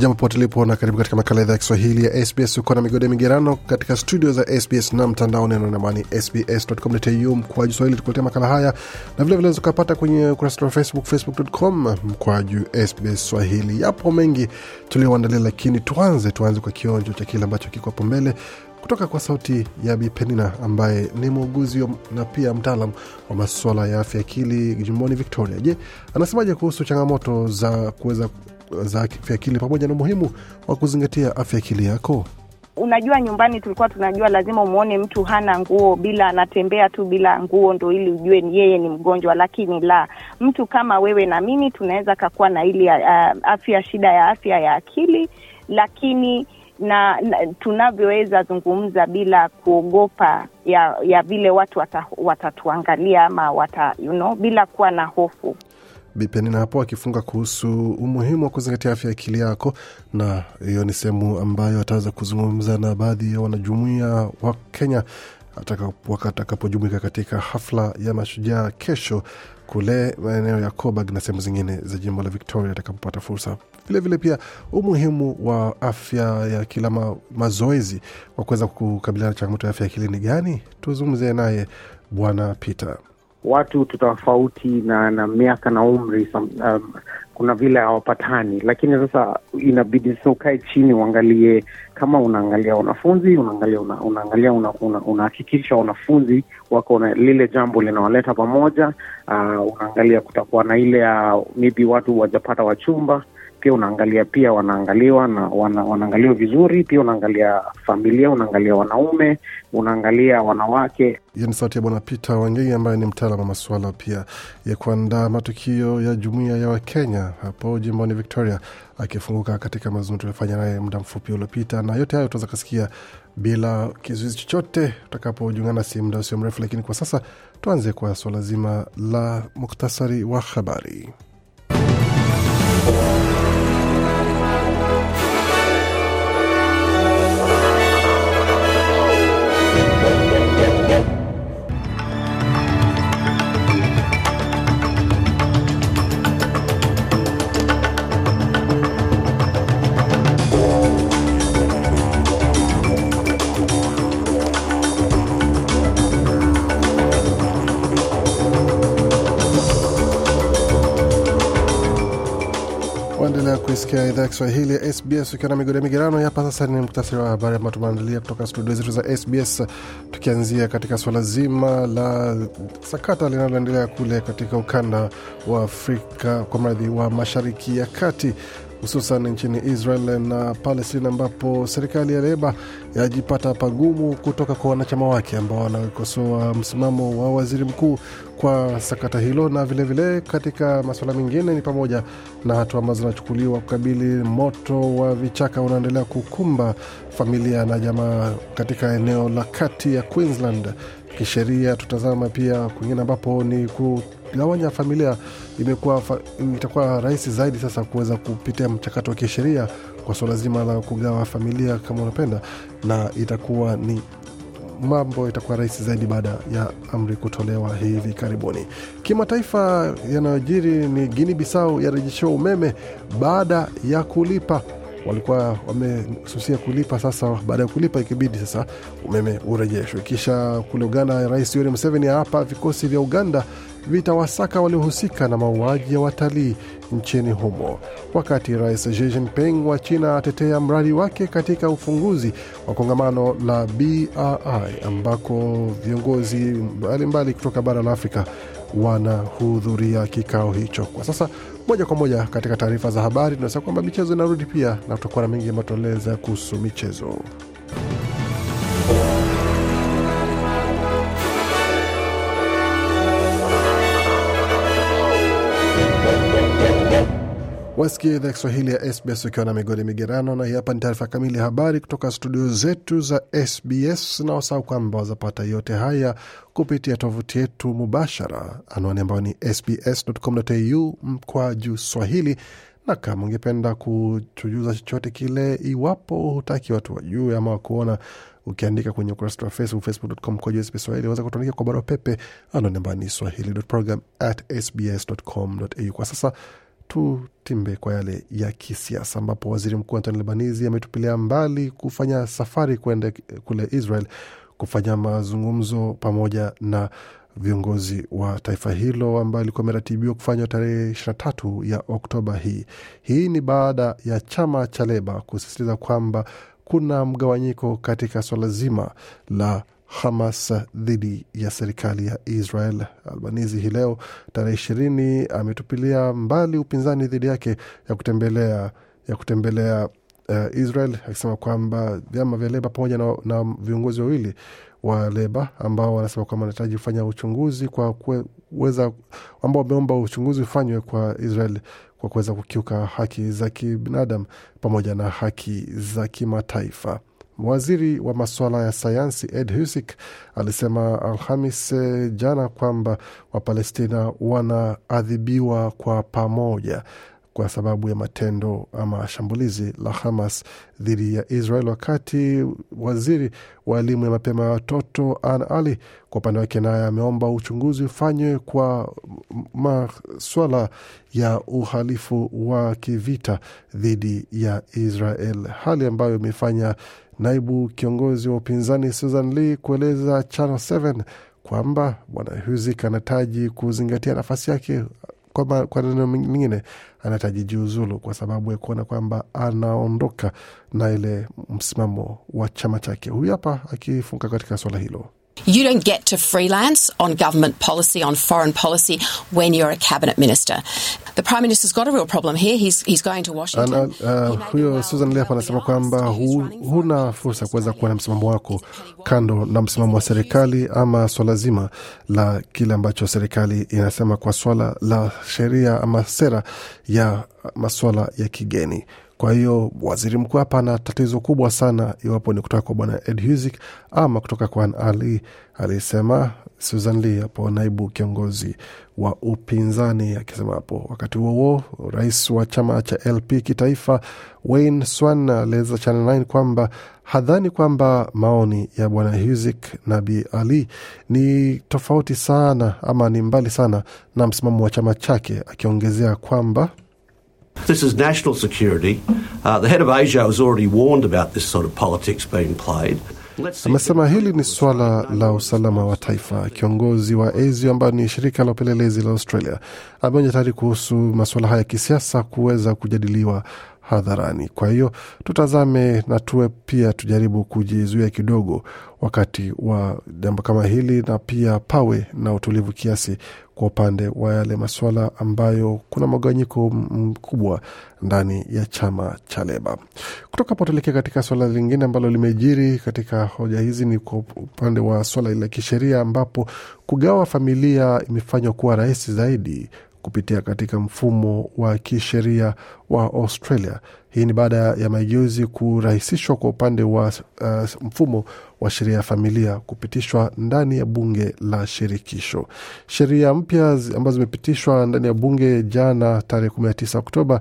jambo pote lipo na karibu katika makala idhaa ya kiswahili ya sbs uko na migode migerano katika studio za sbs na mtandao neno na nenonamani sbscu juu swahili tukuletea makala haya na vilevile vile ukapata kwenye ukurasa wetu wa facebook facebookcom mkwa juu sbs swahili yapo mengi tulioandalia lakini tuanze tuanze kwa kionjo cha kile ambacho kiko hapo mbele kutoka kwa sauti ya Bipenina ambaye ni muuguzi na pia mtaalam wa masuala ya afya akili jimboni Victoria. Je, anasemaje kuhusu changamoto za kuweza za afya akili pamoja na umuhimu wa kuzingatia afya akili yako? Unajua, nyumbani tulikuwa tunajua lazima umwone mtu hana nguo, bila anatembea tu bila nguo, ndo ili ujue yeye ni mgonjwa. Lakini la mtu kama wewe na mimi tunaweza kakuwa na ili uh, afya shida ya afya ya akili, lakini na, na tunavyoweza zungumza bila kuogopa ya ya vile watu wata, watatuangalia ama wata, you know, bila kuwa na hofu. Bipenina hapo akifunga kuhusu umuhimu wa kuzingatia afya ya akili yako, na hiyo ni sehemu ambayo ataweza kuzungumza na baadhi ya wanajumuia wa Kenya atakapojumuika katika hafla ya mashujaa kesho kule maeneo ya cobag na sehemu zingine za jimbo la Victoria atakapopata fursa. Vilevile vile pia umuhimu wa afya ya kila ma, mazoezi wa kuweza kukabiliana na changamoto ya afya ya akili ni gani? Tuzungumzie naye Bwana Peter watu tofauti na na miaka na umri um, kuna vile hawapatani, lakini sasa inabidi sasa ukae chini uangalie, kama unaangalia wanafunzi, unaangalia una, unaangalia unahakikisha una, una wanafunzi wako lile jambo linawaleta pamoja. Uh, unaangalia kutakuwa na ile uh, maybe watu wajapata wachumba pia unaangalia pia wanaangaliwa na wana, wanaangaliwa vizuri pia unaangalia familia unaangalia wanaume unaangalia wanawake hiyo ni sauti ya bwana peter wangei ambaye ni mtaalam wa masuala pia ya kuandaa matukio ya jumuiya ya wakenya hapo jimboni victoria akifunguka katika mazungumzo tuliofanya naye muda mfupi uliopita na yote hayo utaweza kasikia bila kizuizi chochote utakapojungana si muda usio mrefu lakini kwa sasa tuanze kwa swala zima la muktasari wa habari kusikia idhaa ya Kiswahili ya SBS ukiwa na migode migerano hapa. Sasa ni muktasari wa habari ambao tumeandalia kutoka studio zetu za SBS, tukianzia katika suala zima la sakata linaloendelea kule katika ukanda wa Afrika kwa mradhi wa mashariki ya kati, hususan nchini Israel na palestin ambapo serikali ya Leba yajipata pagumu kutoka kwa wanachama wake ambao wanakosoa msimamo wa waziri mkuu kwa sakata hilo, na vilevile vile katika masuala mengine ni pamoja na hatua ambazo zinachukuliwa kukabili moto wa vichaka unaendelea kukumba familia na jamaa katika eneo la kati ya Queensland. Kisheria tutazama pia kwingine ambapo ni ku kugawanya familia imekuwa fa, itakuwa rahisi zaidi sasa kuweza kupitia mchakato wa kisheria kwa suala zima la kugawa familia kama unapenda, na itakuwa ni mambo itakuwa rahisi zaidi baada ya amri kutolewa hivi karibuni. Kimataifa yanayojiri ni Guinea Bissau yarejeshewa umeme baada ya kulipa walikuwa wamesusia kulipa, sasa baada ya kulipa ikibidi sasa umeme urejeshwe. Kisha kule Uganda, Rais Yoweri Museveni aapa vikosi vya Uganda vitawasaka waliohusika na mauaji ya watalii nchini humo, wakati Rais Xi Jinping wa China atetea mradi wake katika ufunguzi wa kongamano la BRI ambako viongozi mbalimbali kutoka bara la Afrika wanahudhuria kikao hicho. Kwa sasa moja kwa moja katika taarifa za habari, tunasema kwamba michezo inarudi pia, na tutakuwa na mengi ya matoleza kuhusu michezo. Wasikia idhaa Kiswahili ya SBS ukiwa na migodi migerano, na hii hapa ni taarifa kamili ya habari kutoka studio zetu za SBS, na wasahau kwamba wazapata yote haya kupitia tovuti yetu mubashara, anwani ambayo ni sbs.com.au mkwa juu swahili na kama ungependa kutujuza chochote kile, iwapo hutaki watu wajue ama wakuona, ukiandika kwenye ukurasa wa Facebook, facebook.com kwa SBS Swahili, waweza kutuandikia kwa barua pepe anonembani swahili.program@sbs.com.au. Kwa sasa tutimbe kwa yale ya kisiasa, ambapo waziri mkuu Antoni Albanizi ametupilia mbali kufanya safari kwenda kule Israel kufanya mazungumzo pamoja na viongozi wa taifa hilo ambayo ilikuwa imeratibiwa kufanywa tarehe 23 ya Oktoba hii. Hii ni baada ya chama cha Leba kusisitiza kwamba kuna mgawanyiko katika swala zima la Hamas dhidi ya serikali ya Israel. Albanizi hii leo tarehe ishirini ametupilia mbali upinzani dhidi yake ya kutembelea ya kutembelea uh, Israel akisema kwamba vyama vya Leba pamoja na, na viongozi wawili wa Leba ambao wanasema kwamba wanahitaji kufanya uchunguzi kwa kuweza ambao wameomba uchunguzi ufanywe kwa Israel kwa kuweza kukiuka haki za kibinadamu pamoja na haki za kimataifa. Waziri wa masuala ya sayansi Ed Husic alisema Alhamis eh, jana kwamba Wapalestina wanaadhibiwa kwa pamoja kwa sababu ya matendo ama shambulizi la Hamas dhidi ya Israel. Wakati waziri wa elimu ya mapema ya watoto An Ali kwa upande wake naye ameomba uchunguzi ufanywe kwa maswala ya uhalifu wa kivita dhidi ya Israel, hali ambayo imefanya naibu kiongozi wa upinzani Susan Lee kueleza Channel 7 kwamba bwana Huzik anataji kuzingatia nafasi yake kwa neno mingine anahitaji jiuzulu kwa sababu ya kuona kwamba anaondoka na ile msimamo wa chama chake. Huyu hapa akifunga katika swala hilo. You don't get to freelance on government policy, on foreign policy when you're a cabinet minister. The Prime Minister's got a real problem here. He's, he's going to Washington. Ana, uh, huyo Susan Leap anasema kwamba huna fursa ya kuweza kuwa na msimamo wako kando na msimamo wa serikali ama swala zima la kile ambacho serikali inasema kwa swala la sheria ama sera ya maswala ya kigeni. Kwa hiyo waziri mkuu hapa ana tatizo kubwa sana, iwapo ni kutoka kwa bwana Ed Husic ama kutoka kwa Ali. Alisema Susan Lee hapo, naibu kiongozi wa upinzani akisema hapo. Wakati huo huo, rais wa chama cha LP kitaifa Wayne Swan alieleza Channel 9 kwamba hadhani kwamba maoni ya bwana husik na Bi Ali ni tofauti sana ama ni mbali sana na msimamo wa chama chake, akiongezea kwamba This is national security. Uh, the head of Asia was already warned about this sort of politics being played. Amesema hili ni suala la usalama wa taifa. Kiongozi wa ASIO ambayo ni shirika la upelelezi la Australia ameonya tayari kuhusu masuala haya ya kisiasa kuweza kujadiliwa hadharani. Kwa hiyo tutazame na tuwe pia tujaribu kujizuia kidogo wakati wa jambo kama hili, na pia pawe na utulivu kiasi kwa upande wa yale masuala ambayo kuna mgawanyiko mkubwa ndani ya chama cha Leba. Kutoka hapo tuelekea katika suala lingine ambalo limejiri katika hoja hizi, ni kwa upande wa suala la kisheria, ambapo kugawa familia imefanywa kuwa rahisi zaidi kupitia katika mfumo wa kisheria wa Australia. Hii ni baada ya mageuzi kurahisishwa kwa upande wa uh, mfumo wa sheria ya familia kupitishwa ndani ya bunge la shirikisho. Sheria mpya ambazo zimepitishwa ndani ya bunge jana tarehe 19 Oktoba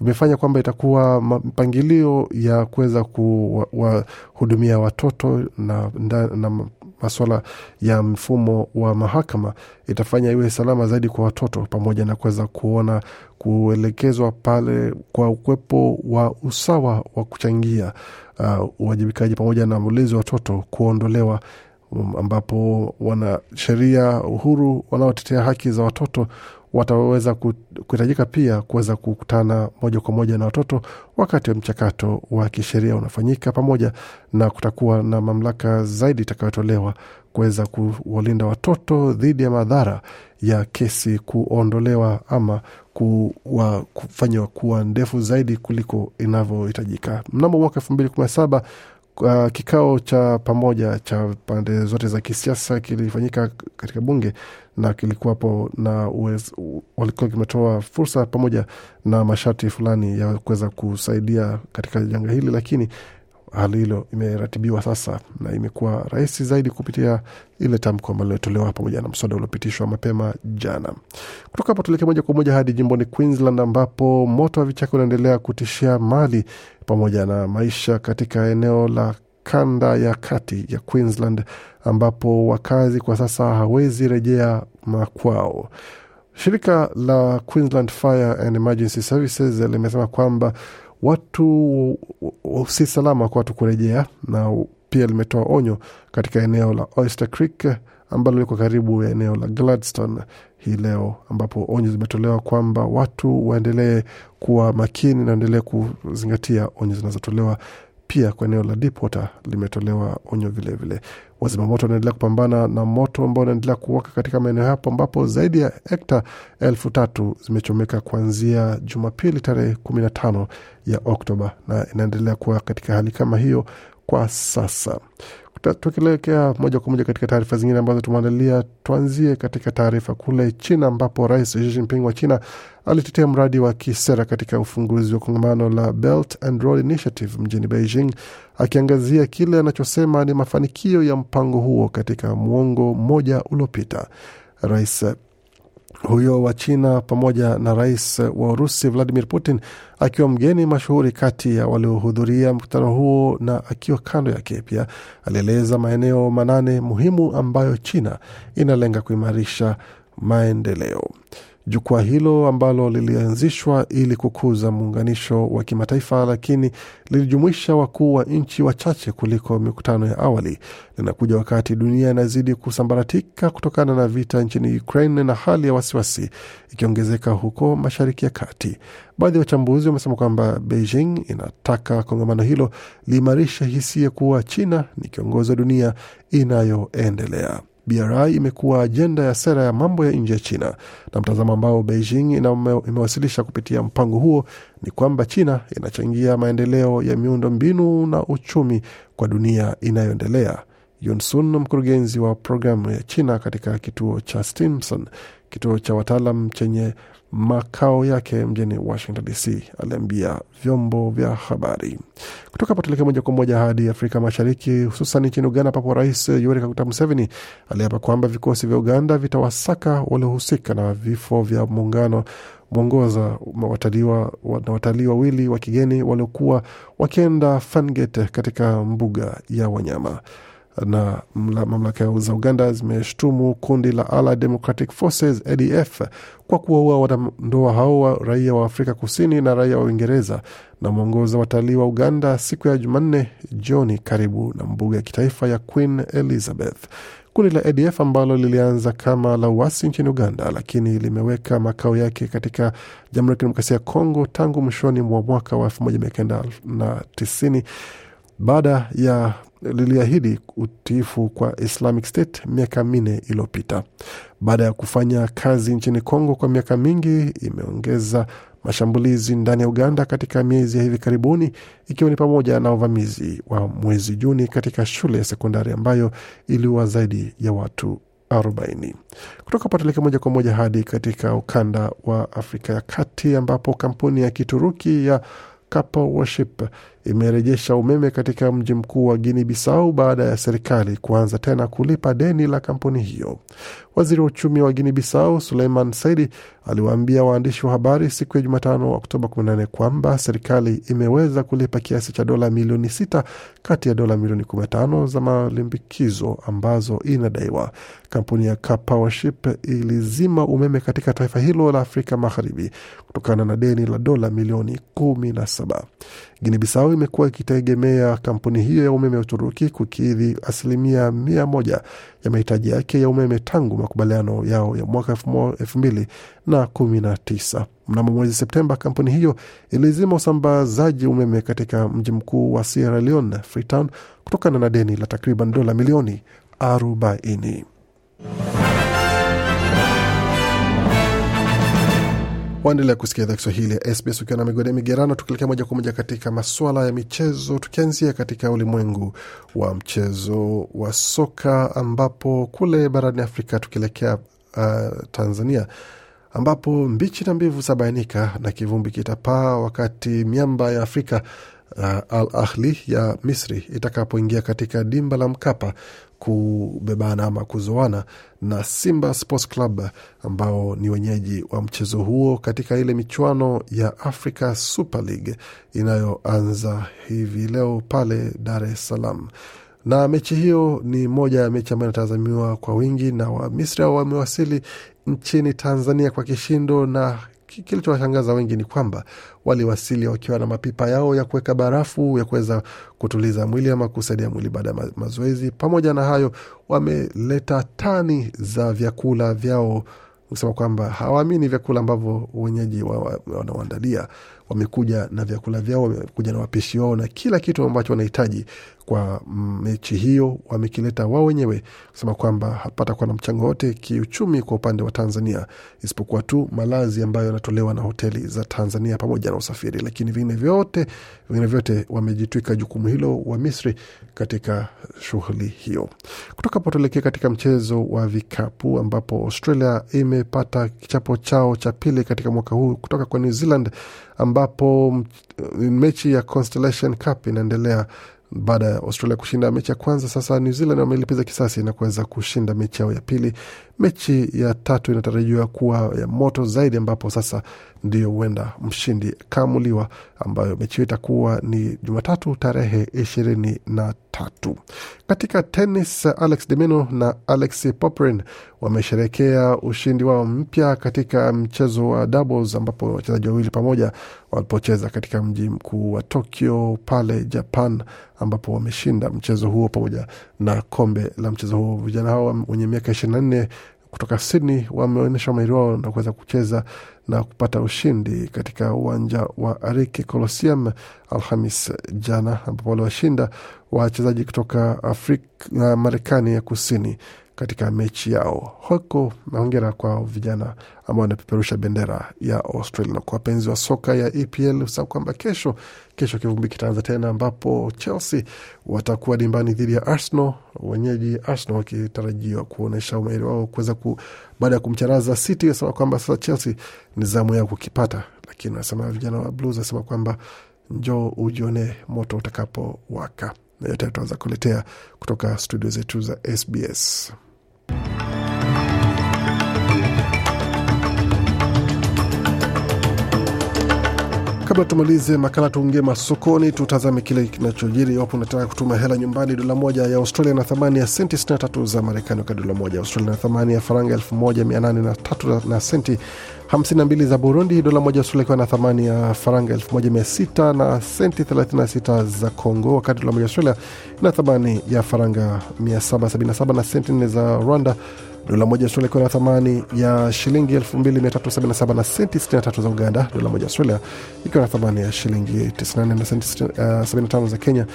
imefanya kwamba itakuwa mpangilio ya kuweza kuwahudumia watoto na, na, na maswala ya mfumo wa mahakama itafanya iwe salama zaidi kwa watoto, pamoja na kuweza kuona kuelekezwa pale kwa ukwepo wa usawa wa kuchangia uh, uwajibikaji pamoja na ulezi wa watoto kuondolewa um, ambapo wanasheria uhuru wanaotetea haki za watoto wataweza kuhitajika pia kuweza kukutana moja kwa moja na watoto wakati wa mchakato wa kisheria unafanyika, pamoja na kutakuwa na mamlaka zaidi itakayotolewa kuweza kuwalinda watoto dhidi ya madhara ya kesi kuondolewa ama kuwa, kufanywa kuwa ndefu zaidi kuliko inavyohitajika. Mnamo mwaka elfu mbili kumi na saba Uh, kikao cha pamoja cha pande zote za kisiasa kilifanyika katika bunge na kilikuwapo na walikuwa kimetoa fursa pamoja na masharti fulani ya kuweza kusaidia katika janga hili, lakini hali hilo imeratibiwa sasa na imekuwa rahisi zaidi kupitia ile tamko ambalo lilitolewa pamoja na mswada uliopitishwa mapema jana. Kutoka hapo tuelekee moja kwa moja hadi jimboni Queensland ambapo moto wa vichaka unaendelea kutishia mali pamoja na maisha katika eneo la kanda ya kati ya Queensland ambapo wakazi kwa sasa hawezi rejea makwao. Shirika la Queensland Fire and Emergency Services limesema kwamba watu si salama kwa watu kurejea, na pia limetoa onyo katika eneo la Oyster Creek ambalo liko karibu ya eneo la Gladstone hii leo, ambapo onyo zimetolewa kwamba watu waendelee kuwa makini na waendelee kuzingatia onyo zinazotolewa. Pia kwa eneo la Deepwater limetolewa onyo vilevile vile. Wazimamoto wanaendelea kupambana na moto ambao unaendelea kuwaka katika maeneo hapo ambapo zaidi ya hekta elfu tatu zimechomeka kuanzia Jumapili tarehe kumi na tano ya Oktoba na inaendelea kuwa katika hali kama hiyo kwa sasa. Tukielekea moja kwa moja katika taarifa zingine ambazo tumeandalia, tuanzie katika taarifa kule China ambapo Rais Xi Jinping wa China alitetea mradi wa kisera katika ufunguzi wa kongamano la Belt and Road Initiative mjini Beijing, akiangazia kile anachosema ni mafanikio ya mpango huo katika muongo mmoja uliopita. Rais huyo wa China pamoja na rais wa Urusi Vladimir Putin akiwa mgeni mashuhuri kati ya waliohudhuria mkutano huo, na akiwa kando yake pia alieleza maeneo manane muhimu ambayo China inalenga kuimarisha maendeleo jukwaa hilo ambalo lilianzishwa ili kukuza muunganisho wa kimataifa, lakini lilijumuisha wakuu wa nchi wachache kuliko mikutano ya awali, linakuja wakati dunia inazidi kusambaratika kutokana na vita nchini Ukraine na hali ya wasiwasi ikiongezeka huko Mashariki ya Kati. Baadhi ya wachambuzi wamesema kwamba Beijing inataka kongamano hilo liimarishe hisia kuwa China ni kiongozi wa dunia inayoendelea. BRI imekuwa ajenda ya sera ya mambo ya nje ya China, na mtazamo ambao Beijing imewasilisha kupitia mpango huo ni kwamba China inachangia maendeleo ya miundo mbinu na uchumi kwa dunia inayoendelea. Yunsun, mkurugenzi wa programu ya China katika kituo cha Stimson, kituo cha wataalam chenye makao yake mjini Washington DC, aliambia vyombo vya habari. Kutoka hapo tuelekee moja kwa moja hadi Afrika Mashariki, hususan nchini Uganda, ambapo Rais Yoweri Kaguta Museveni aliapa kwamba vikosi vya Uganda vitawasaka waliohusika na vifo vya muungano mwongoza na watalii wawili wa kigeni waliokuwa wakienda Fangete katika mbuga ya wanyama na mamlaka za Uganda zimeshtumu kundi la Allied Democratic Forces ADF kwa kuwaua wanandoa hao wa raia wa Afrika Kusini na raia wa Uingereza na mwongoza watalii wa Uganda siku ya Jumanne jioni karibu na mbuga ya kitaifa ya Queen Elizabeth. Kundi la ADF ambalo lilianza kama la uasi nchini Uganda, lakini limeweka makao yake katika Jamhuri ya Kidemokrasia ya Kongo tangu mwishoni mwa mwaka wa 1990 baada ya liliahidi utiifu kwa Islamic State miaka minne iliyopita. Baada ya kufanya kazi nchini Kongo kwa miaka mingi, imeongeza mashambulizi ndani ya Uganda katika miezi ya hivi karibuni, ikiwa ni pamoja na uvamizi wa mwezi Juni katika shule ya sekondari ambayo iliua zaidi ya watu 40. Kutoka patuleke moja kwa moja hadi katika ukanda wa Afrika ya Kati ambapo kampuni ya Kituruki ya Worship imerejesha umeme katika mji mkuu wa Guini Bisau baada ya serikali kuanza tena kulipa deni la kampuni hiyo. Waziri wa uchumi wa Guini Bisau Suleiman Saidi aliwaambia waandishi wa habari siku ya Jumatano Oktoba 18 kwamba serikali imeweza kulipa kiasi cha dola milioni st kati ya dola milioni 15 za malimbikizo ambazo inadaiwa. Kampuni ya Powership ilizima umeme katika taifa hilo la Afrika Magharibi kutokana na deni la dola milioni 17. Guini Bisau imekuwa ikitegemea kampuni hiyo ya umeme ya Uturuki kukidhi asilimia mia moja ya mahitaji yake ya umeme tangu makubaliano yao ya mwaka elfu mbili na kumi na tisa. Mnamo mwezi Septemba, kampuni hiyo ilizima usambazaji umeme katika mji mkuu wa Sierra Leone, Freetown, kutokana na deni la takriban dola milioni arobaini. Waendelea kusikia idhaa Kiswahili ya SBS ukiwa na migode migerano, tukielekea moja kwa moja katika masuala ya michezo, tukianzia katika ulimwengu wa mchezo wa soka, ambapo kule barani Afrika tukielekea uh, Tanzania ambapo mbichi na mbivu zabainika na kivumbi kitapaa wakati miamba ya Afrika uh, Al Ahli ya Misri itakapoingia katika dimba la Mkapa kubebana ama kuzoana na Simba Sports Club ambao ni wenyeji wa mchezo huo katika ile michuano ya Africa Super League inayoanza hivi leo pale Dar es Salaam na mechi hiyo ni moja ya mechi ambayo inatazamiwa kwa wingi, na Wamisri hao wamewasili nchini Tanzania kwa kishindo na kilichowashangaza wengi ni kwamba waliwasili wakiwa na mapipa yao ya kuweka barafu ya kuweza kutuliza mwili ama kusaidia mwili baada ya mazoezi. Pamoja na hayo, wameleta tani za vyakula vyao kusema kwamba hawaamini vyakula ambavyo wenyeji wanaoandalia wa, wa, wamekuja na vyakula vyao, wamekuja na wapishi wao na kila kitu ambacho wanahitaji kwa mechi hiyo wamekileta wao wenyewe, kusema kwamba hapatakuwa na mchango wote kiuchumi kwa upande wa Tanzania, isipokuwa tu malazi ambayo yanatolewa na hoteli za Tanzania pamoja na usafiri, lakini vingine vyote vingine vyote wamejitwika jukumu hilo wa Misri katika shughuli hiyo. Kutoka hapo tuelekee katika mchezo wa vikapu ambapo Australia imepata kichapo chao cha pili katika mwaka huu kutoka kwa New Zealand ambapo mm, mechi ya Constellation Cup inaendelea baada ya Australia kushinda mechi ya kwanza. Sasa New Zealand wamelipiza kisasi na kuweza kushinda mechi yao ya pili Mechi ya tatu inatarajiwa kuwa ya moto zaidi, ambapo sasa ndiyo huenda mshindi kamuliwa, ambayo mechi hiyo itakuwa ni Jumatatu tarehe ishirini na tatu. Katika tenis, Alex de Minaur na Alex Poprin wamesherekea ushindi wao mpya katika mchezo wa doubles, ambapo wachezaji wawili pamoja walipocheza katika mji mkuu wa Tokyo pale Japan, ambapo wameshinda mchezo huo pamoja na kombe la mchezo huo. Vijana hao wenye miaka ishirini na nne kutoka Sydney wameonyesha umahiri wao na kuweza kucheza na kupata ushindi katika uwanja wa Arike colosium Alhamis jana ambapo waliwashinda wachezaji kutoka Afrika, Marekani ya Kusini katika mechi yao huko. Naongera kwa vijana ambao wanapeperusha bendera ya Australia. Na kwa wapenzi wa soka ya EPL usahau kwamba kesho, kesho kivumbi kitaanza tena, ambapo Chelsea watakuwa dimbani dhidi ya Arsenal. Wenyeji Arsenal wakitarajiwa kuonyesha umahiri wao kuweza ku, baada ya kumcharaza City. Asema kwamba sasa Chelsea ni zamu yao kukipata, lakini wanasema vijana wa Blues asema kwamba njoo ujione moto utakapowaka na yote tutaweza kuletea kutoka studio zetu za SBS. Kabla tumalize makala, tuongee masokoni, tutazame kile kinachojiri. Iwapo unataka kutuma hela nyumbani, dola moja ya Australia na thamani ya senti 63 za Marekani, wakati dola moja Australia na thamani ya faranga 1803 na senti 52 za Burundi, dola moja Australia ikiwa na thamani ya faranga 16 na senti 36 za Congo, wakati dola moja Australia ina thamani ya faranga 777 na senti 4 za Rwanda Dola moja Australia ikiwa na thamani ya shilingi 2377 na senti 63 za Uganda. Dola moja Australia ikiwa na thamani ya shilingi 94 na senti 75 eh, za Kenya,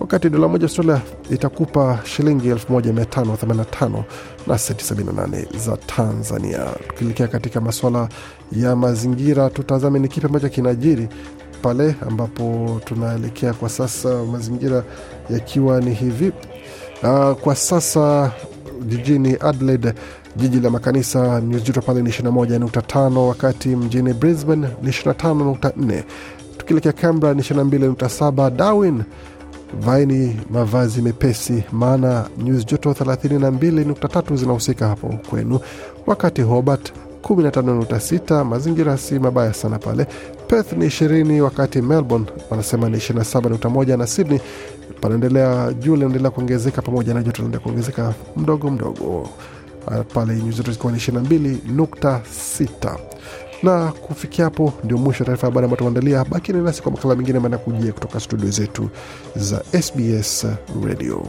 wakati dola moja Australia itakupa shilingi 1585 na senti 78 za Tanzania. Tukielekea katika masuala ya mazingira, tutazame ni kipi ambacho kinajiri pale ambapo tunaelekea kwa sasa, mazingira yakiwa ni hivi. Uh, kwa sasa jijini Adelaide, jiji la makanisa, nyuzi joto pale ni 21.5, wakati mjini Brisbane ni 25.4, tukielekea Canberra ni 22.7, Darwin vaini mavazi mepesi, maana nyuzi joto 32.3 zinahusika hapo kwenu, wakati Hobart 15.6, mazingira si mabaya sana pale. Perth ni 20, wakati Melbourne wanasema ni 27.1 na Sydney panaendelea juu linaendelea kuongezeka pamoja na joto linaendelea kuongezeka mdogo mdogo ah, pale nyuzi joto zikiwa ni 22.6 na kufikia hapo ndio mwisho wa taarifa habari ambayo tumeandalia. Bakini nasi kwa makala mengine ambayo kujia kutoka studio zetu za SBS Radio.